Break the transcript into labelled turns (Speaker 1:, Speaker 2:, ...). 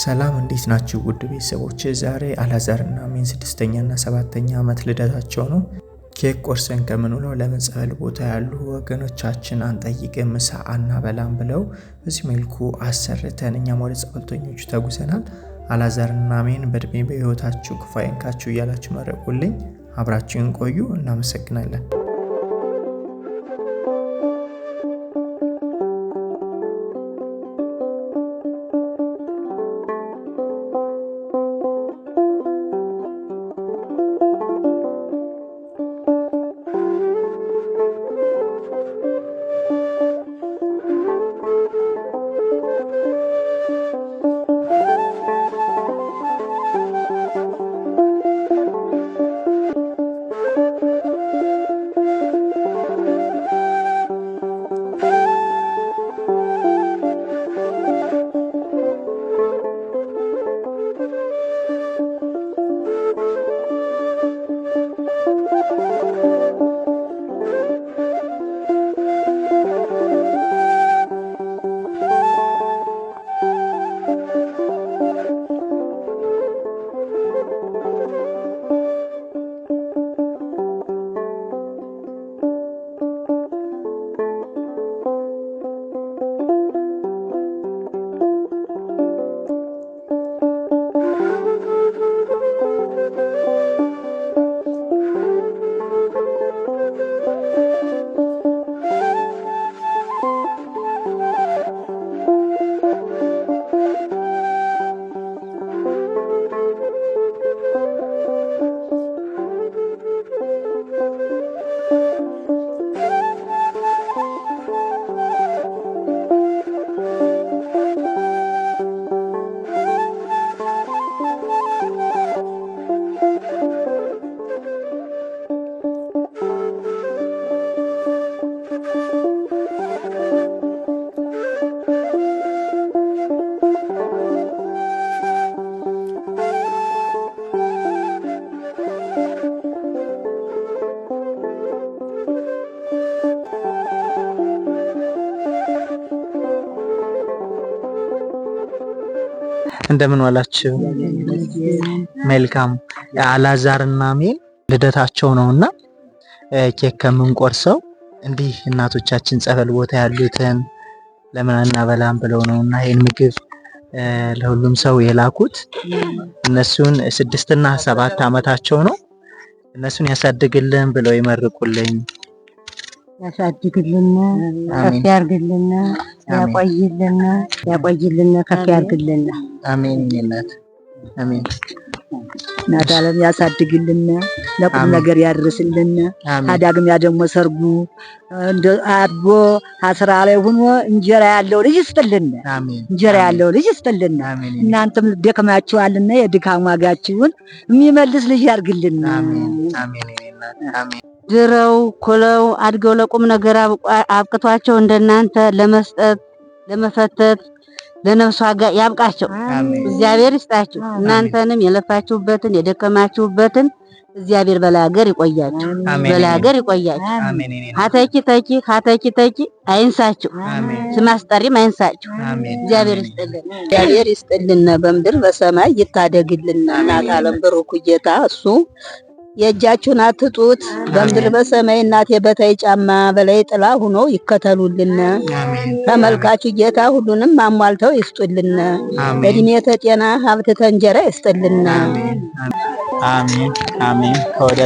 Speaker 1: ሰላም እንዴት ናችሁ? ውድ ቤተሰቦች ዛሬ አላዛርና ሜን ስድስተኛና ሰባተኛ ዓመት ልደታቸው ነው። ኬክ ቆርሰን ከምንውለው ለመጸበል ቦታ ያሉ ወገኖቻችን አንጠይቅ ምሳ አናበላም ብለው በዚህ መልኩ አሰርተን እኛም ወደ ጸበልተኞቹ ተጉዘናል። አላዛርና ሜን በእድሜ በህይወታችሁ ክፉ አይንካችሁ እያላችሁ መረቁልኝ። አብራችሁን ቆዩ። እናመሰግናለን። እንደምን ዋላችሁ። መልካም አላዛርና ሜል ልደታቸው ነውና ኬክ ከምንቆርሰው እንዲህ እናቶቻችን ጸበል ቦታ ያሉትን ለምን አናበላም ብለው ነውና ይህን ምግብ ለሁሉም ሰው የላኩት። እነሱን ስድስትና ሰባት ዓመታቸው ነው። እነሱን ያሳድግልን ብለው ይመርቁልኝ።
Speaker 2: ያሳድግልን፣ ከፍ ያርግልን፣ ያቆይልን፣ ያቆይልን፣ ከፍ ያርግልን።
Speaker 1: አሜን። እናት አሜን።
Speaker 2: ናታለም ዓለም ያሳድግልን፣ ለቁም ነገር ያድርስልን። አዳግም ያደግሞ ሰርጉ አድጎ አስራ ላይ ሆኖ እንጀራ ያለው ልጅ ይስጥልን፣ እንጀራ ያለው ልጅ ይስጥልን። እናንተም ደክማችኋልና የድካም ዋጋችሁን የሚመልስ ልጅ ያርግልን።
Speaker 1: አሜን።
Speaker 2: ድረው ኩለው አድገው ለቁም ነገር አብቅቷቸው እንደናንተ ለመስጠት ለመፈተት ለነፍሷ ጋር ያብቃቸው። እግዚአብሔር ይስጣችሁ። እናንተንም የለፋችሁበትን የደከማችሁበትን እግዚአብሔር በላገር ይቆያችሁ፣ በላገር ይቆያችሁ። ሀተኪ ተኪ ሀተኪ ተኪ አይንሳችሁ፣ ስማስጠሪም አይንሳችሁ። እግዚአብሔር ይስጥልን፣ እግዚአብሔር ይስጥልን፣ በምድር በሰማይ ይታደግልና እናት አለም ብሩኩ ጌታ እሱ የእጃችሁን አትጡት በምድር በሰማይ እናቴ በታይ ጫማ በላይ ጥላ ሆኖ ይከተሉልን። ተመልካቹ ጌታ ሁሉንም አሟልተው ይስጡልን። እድሜ ተጤና ሀብት ተንጀራ ይስጥልን።
Speaker 1: አሜን አሜን።